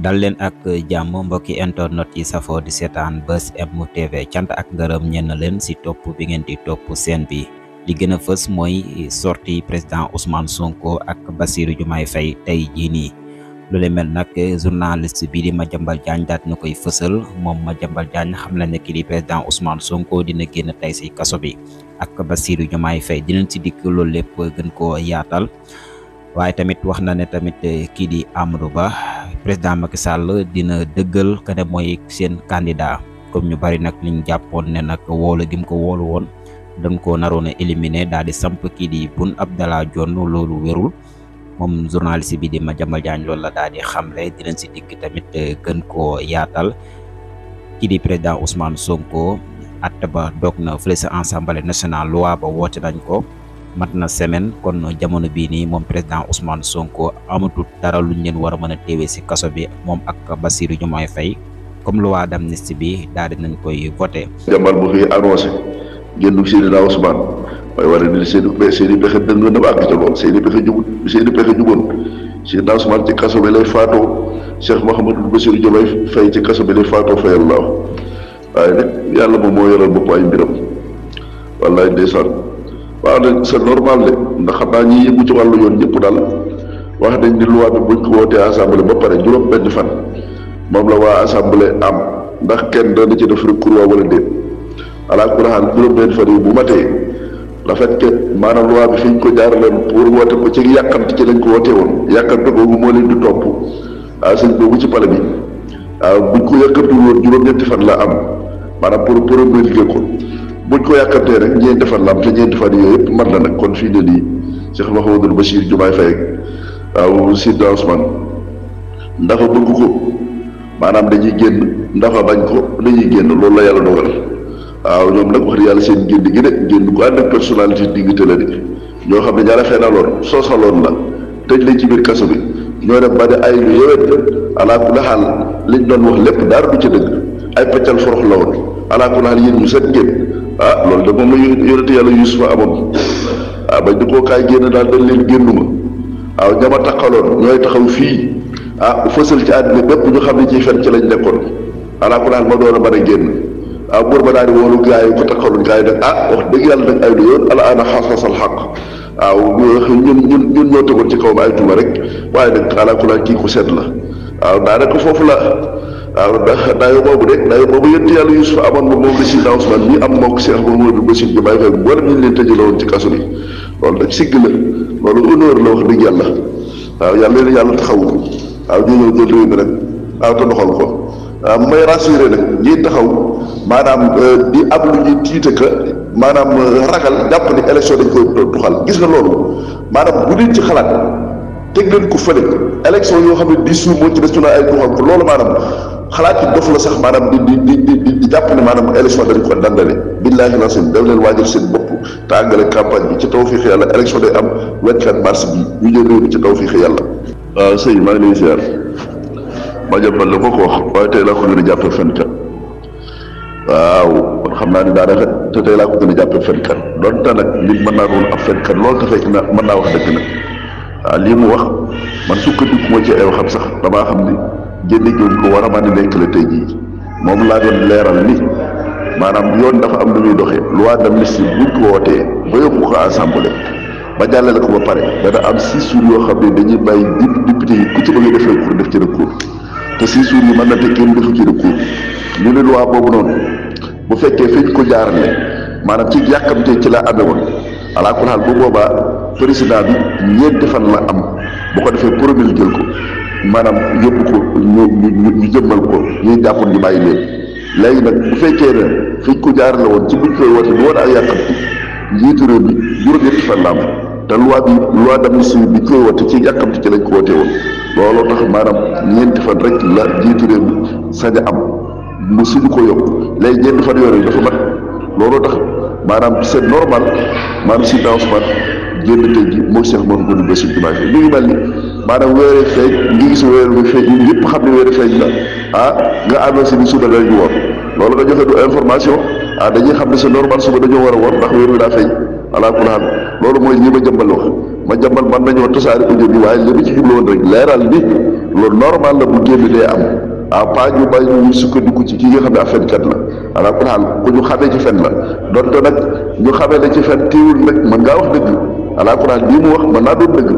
dal len ak jàmm mbokki internet yi safo di seetaan Buzz mu TV cant ak ñen len si top bi ngeen di top sen bi li gëna fess moy mooy sortie président Ousmane Sonko ak Bassirou Diomaye fay tay jii nii lu le mel nak journaliste bi di Madiambal Diagne dat nakoy koy mom Madiambal Diagne xam ne ki di président Ousmane Sonko dina génn tay si kasso bi ak Bassirou Diomaye fay dinañ si dik loolu lépp gën ko yaatal waye tamit waxna ne tamit ki di Amadou président Macky Sall dina dëggal que mooy seen candidat comme ñu bari nag liñ jàppoon ne nag woolu gi ko woolu woon dañ koo naroon a éliminer daal di samp kii di Boun Abdallah Dionne loolu wérul moom journaliste bi di Madiambal Diagne loolu la daal di xamle dinañ si digg tamit eh, gën koo yaatal kii di président Ousmane Sonko at ba dog na fële sa Assemblée nationale waa ba woote nañ ko. matna na semaine kon jamono bi ni mom president Ousmane Sonko amatu dara lu ñeen wara a téwé a kasso bi mom ak Bassirou Diomaye Faye comme loi d'amnistie bi daal di nañ koy voter jàmbaar bu fi annoncé génn Seydina Ousmane way wara ni seen seen i pexe dëng na ba ci lool seen i xëjju jubut seen xëjju pexe juboon Seydina Ousmane ci kasso bi lay faato Cheikh Mouhamadou Bassirou Diomaye Faye ci kasso bi lay faato fayal laaw ay nag yalla bu mo yoral bopp ay mbiram wallahi ndeysaan waaw nag c'est normal de ndax xam naa ñi yëngu ci wàllu yoon ñëpp daal wax nañ ni loi bi buñ ko wootee assemblée ba pare juróom benn fan moom la waa assemblée am ndax kenn dana ci def recours waa wala déet ala kulaaxaan juróom benn fan yi bu matee la fekk maanaam loi bi fi ñu ko jaaraloon pour woote ko ci yàqante ci lañ ko wootee woon yàqante googu moo leen di topp ah sëñ boobu ci pale bi ah buñ ko yàqante woon juróom-ñetti fan la am maanaam pour pour promulguer ko buñ ko yakante rek ñeen defal lam te ñeen defal yoy yep man la nak kon fi de li cheikh mahamadou bashir jumay fay aw sidda ousmane ndafa bëgg ko manam dañuy genn ndafa bañ ko dañuy genn loolu la yalla dogal waaw ñoom nag wax yàlla seen génn gi de génn ko ànd ak personnalité diggante la de ñoo xam ne ñaara fenaloon soosaloon la tëj lañ ci biir kaso bi ñoo dem ba de ay lu yewet ala ku la xaal liñ doon wax lépp dara du ci dëgg ay paccal forox la woon ala ku la xaal yéen ñu set ngeen ah loolu de moom la yonente yàlla yusufa amoon ah bañ di koo kaay génn daal dañ leen génnuma waaw ah, ñama taxaloon ñooy taxaw fii ah fësal ci àddina bépp ñu xam ne ci fen ci lañ nekkoon alaa ko daal ma doon a mën a génn ah buur ba daal di woolu gaa yi ko taxaloon gaa de nag ah wax dëgg yàlla nag ay lu yoon ala ana xaq ah, waaw ñun ñun ñun ci kaw ay tuuma rek waaye nag alaa ko daal kii ku set la waaw ah, daanaka foofu la waaw ndax daayo boobu de daayo boobu yénti yàlla Yuusuf amoon ba moom la si dansman mi am mook Cheikh Mamadou Bassirou Diomaye Faye mboolem ñu leen tëjaloon ci kaso bi loolu nag sigg la loolu honneur la wax dëgg yàlla waaw yàlla leen yàlla taxawu waaw ñu ñëw jël réew mi nag waaw te doxal ko waaw may rassuré nag ñiy taxaw maanaam euh, di ab lu ñuy tiite que maanaam euh, ragal jàpp ni élection dañ koy tuxal gis nga loolu maanaam bu leen ci xalaat teg leen ko fële élection yoo xam ne di suur moo ci des ñu naan ay tuxal ko xalaat yi dof la sax maanaam di di di di jàpp ne maanaam élection dañ ko dandale billaahi lancim daf leen waajal seen bopp tàngale campagne bi ci tawfiix yàlla élection day am 24 mars bi ñu jël réew bi ci tawfiix yàlla. waaw ah, la ko ko wax waaye a waaw xam naa ni daanaka te tey laa ko gën a jàppee fenkat donte nag nit mën naa doon ab fenkat lool te fekk na mën naa wax dëgg nag waaw ah, lii mu wax man sukkandiku ma ci ay waxam sax damaa xam ni. génne gi ko war a man a nekk la tey jii moom laa doon leeral ni maanaam yoon dafa am lu muy doxee loi d'amnistie buñ ko wootee ba yóbbu ko assemblée ba jàllale ko ba pare dana am six jours yoo xam ne dañuy bàyyi député yi ku ci bëgg a def recours def ci recours te six jours yi mën na te kenn defu ci recours ñu ne loi boobu noonu bu fekkee fi ko jaarale maanaam ci yàkkamtee ci laa amee woon alaa kulli haal bu boobaa président bi ñeenti fan la am bu ko defee promil jël ko maanaam yóbbu ko ñu ñu ñu jëmmal ko ñuy jàppoon ñu bàyyi leen léegi nag bu fekkee ne fi ñu ko jaarale woon ci buñ koy woote du woon ak yàqamti njiitu réew bi juróom-ñetti fan la am te loi bi loi d'amnistie bi koy woote ci yàqamti ci lañ ko wootee woon looloo tax maanaam ñeenti fan rek la njiitu réew bi sañ a am mu suñu ko yokk léegi ñeenti fan yooyu dafa mat looloo tax maanaam c'est normal maanaam si Ousmane génn tey ji moo Cheikh Mouhamadou Bassirou Diomaye Faye mi ngi mel ni maanaam weeru feeñ ngi gis weeru bi feeñ ñëpp xam ne weeru feeñ la ah nga annoncé ni suba dañu woor loolu nga joxe du information ah dañuy xam ne c'est normal suba dañoo war a woor mooy li ma jëmbal wax ma jëmbal man nañoo tasaare audio bi waaye li ma ci xibloon rek leeral ni loolu normal la bu génn dee am ah pas ñu bàyyi ñu sukkandiku ci ki nga xam ne ab fenkat la alaa kulli haal ku ñu xamee ci fen la donte nag ñu xamee la ci fen teewul nag mën ngaa wax dëgg alaa kulli haal lii mu wax mën naa doon dëgg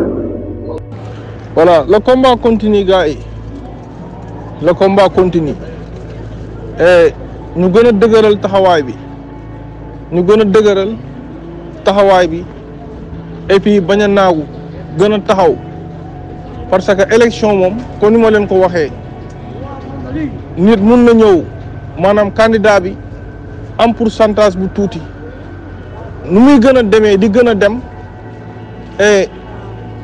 voilà le komba continue gars yi la combat continue et eh, ñu gën a dëgëral taxawaay bi ñu gën a dëgëral taxawaay bi et puis bañ a naagu gën a taxaw parce que élection moom kon ni ma leen ko waxee nit mun na ñëw maanaam candidat bi am pourcentage bu tuuti nu muy gën a demee di gën a dem et eh,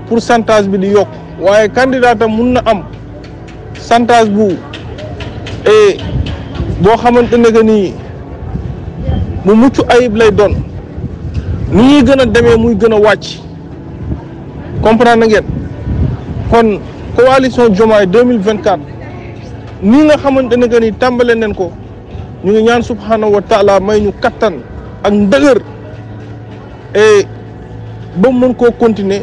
pourcentage bi di yokk waaye candidat am mun na am chantage bu e, boo xamante ne ga nii mu mucc ayib lay doon ni ñuy gën a demee muy gën a wàcc na ngeen kon coalition Diomaye 2024 nii nga xamante ne que ni tàmbale nañ ko ñu ngi ñaan subhanahu wa taala may ñu kattan ak ndëgër et ba mën koo continuer.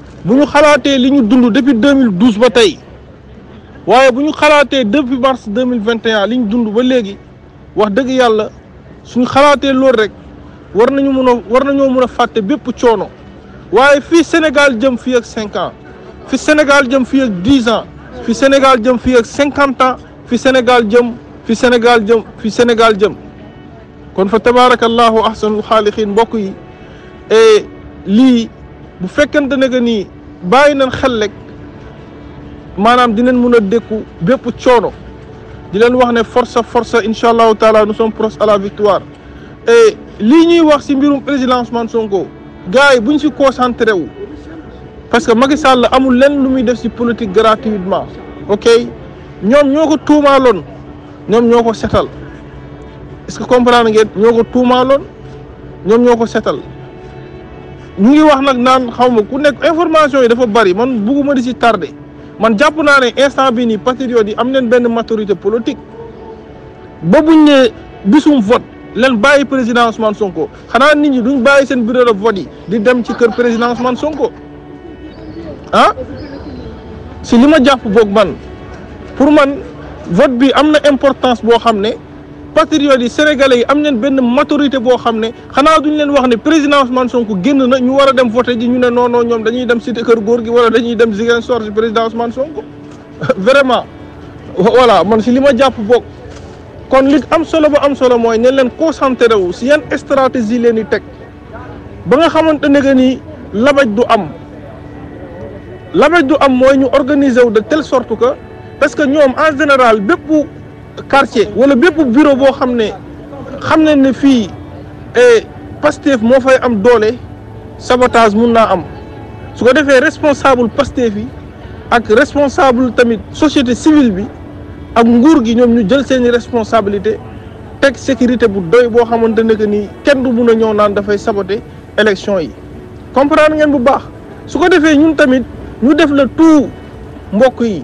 buñu ñu xalaatee li ñu dund depuis 2012 ba tey waaye bu ñu xalaatee depuis mars 2021 li ñu dund ba léegi wax dëgg yàlla suñu xalaatee loolu rek war nañu mun a war nañoo mun a fàtte bépp coono waaye fii Sénégal jëm fii ak cinq ans fi Sénégal jëm fii ak dix ans fi Sénégal jëm fii ak cinquante ans fi Sénégal jëm fi Sénégal jëm fi Sénégal jëm kon fa tabaarakallaahu ahsanul xaaliqiin mbokk yi lii bu fekkente ne que ni bàyyi nañ xel rek maanaam dinañ mun a dékku bépp coono di leen wax ne force force incha allahu taala nous sommes proches à la victoire et lii ñuy wax si mbirum président Ousmane Sonko gars yi buñ si concentré wu parce que Macky Sall amul lenn lu muy def si politique gratuitement ok ñoom ñoo ko tuumaaloon ñoom ñoo ko setal est-ce que comprendre ngeen ñoo ko tuumaaloon ñoom ñoo ko setal ñu ngi wax nag naan xaw ma ku nekk information yi dafa bari man bugguma di ci tardé man jàpp naa ne instant bi nii patriote yi am nañ benn maturité politique ba buñ ne bisum vote leen bàyyi président Ousmane Sonko xanaa nit ñi duñ bàyyi seen bureau de vote yi di dem ci kër président Ousmane Sonko ah si li ma jàpp boog man pour man vote bi am na importance boo xam ne. patriotes yi sénégalais yi am nañ benn maturité boo xam ne xanaa duñ leen wax ne président Ousmane Sonko génn na ñu war a dem voté ji ñu ne noonoo ñoom dañuy dem cité kër góor gi wala dañuy dem Ziguinchor si président Ousmane Sonko vraiment voilà man si li ma jàpp boog kon li am solo ba am solo mooy ne leen concentré wu si yan stratégie leen di teg ba nga xamante ne que ni labaj du am labaj du am mooy ñu organiser wu de telle sorte que parce que ñoom en général bépp. quartier wala bépp bureau boo xam ne xam ne ne fii eh, Pastef moo fay am doole sabotage mun naa am su ko defee responsable Pastef yi ak responsable tamit société civile bi ak nguur gi ñoom ñu jël seen responsabilité teg sécurité bu doy boo xamante ne que ni kenn du mun a ñëw naan dafay saboter élection yi comprendre ngeen bu baax su ko defee ñun tamit ñu def la tout mbokk yi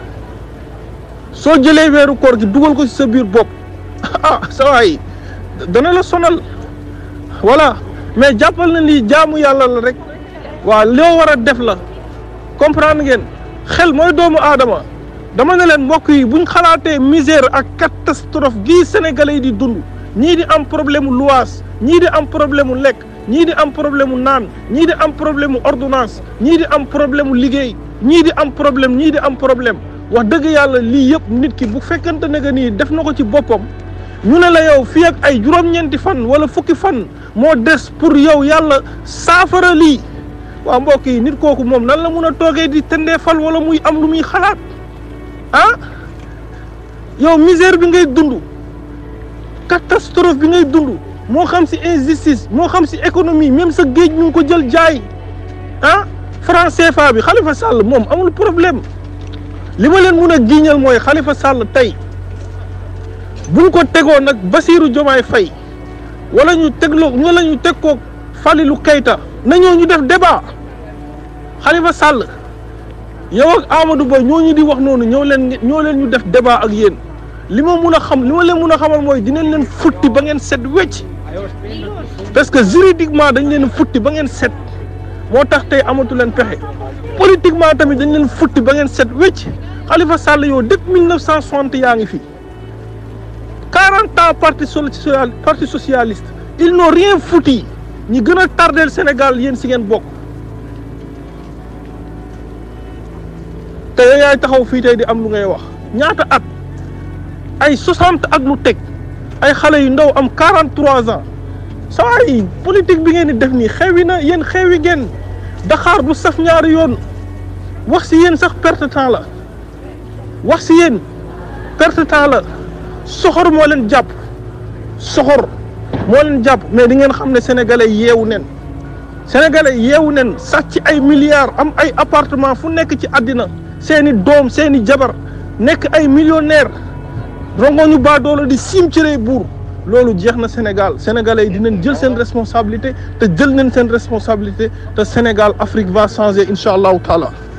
soo jëlee weeru koor gi dugal ko ci sa biir bopp ah sa waay dana la sonal voilà mais jàppal na lii jaamu yàlla la rek waa loo war def la comprendre ngeen xel mooy doomu aadama dama ne leen mbokk yi buñ xalaatee misère ak catastrophe gii sénégale yi di dund ñii di am problème mu luwaas ñii di am problème mu lekk ñii di am problème mu naan ñii di am problème mu ordonnance ñii di am problème mu liggéey ñii di am problème ñii di am problème wax dëgg yàlla lii yëpp nit ki bu fekkante ne que nii def na ko ci boppam ñu ne la yow fii ay juróom-ñeenti fan wala fukki fan moo des pour yow yàlla saafara lii waa mbokk yi nit kooku moom nan la mun a toogee di tëndee fal wala muy am lu muy xalaat ah yow misère bi ngay dund catastrophe bi ngay dund moo xam si injustice moo xam si économie même sa géej ñu ngi ko jël jaay ah franc CFA bi Khalifa sàll moom amul problème. li ma leen mun a giiñal mooy xalifa sàll tey buñ ko tegoon nag Basirou Diomaye Faye wala ñu tegloo wala ñu teg ko Falilou Keita na ñoo ñu def débat xalifa sàll yow ak Amadou Ba ñooñu di wax noonu ñoo leen ñoo leen ñu def débat ak yéen li ma mun a xam li ma leen mun a xamal mooy dinañ leen futti ba ngeen set wecc parce que juridiquement dañ leen futti ba ngeen set moo tax tey amatu leen pexe politiquement tamit dañ leen futti ba ngeen set wecc Khalifa Sall yow depuis 1960 ya ngi fi 40 ans parti social parti socialiste ils n'ont rien foutu ñi gëna tarder le Sénégal yeen si ngeen bokk te yow taxaw fi tay di am lu ngay wax ñaata at ay 60 ak lu teg ay xalé yu ndaw am 43 ans saa yi politique bi ngeen di def ni xewi na yéen xewi ngeen Dakar bu saf ñaar yoon wax si yeen sax perte temps la. wax si yéen perte temps la soxor moo leen jàpp soxor moo leen jàpp mais di ngeen xam ne sénégalais yeewu nen sénégalais yeewu nen sàcc ay milliards am ay appartement fu nekk ci àddina seeni doom seeni jabar nekk ay millionnaire rongoñu baa doole di siim ci rey buur loolu jeex na Sénégal sénégalais yi dinañ jël seen responsabilité te jël nañ seen responsabilité te Sénégal Afrique va changer incha allahu taala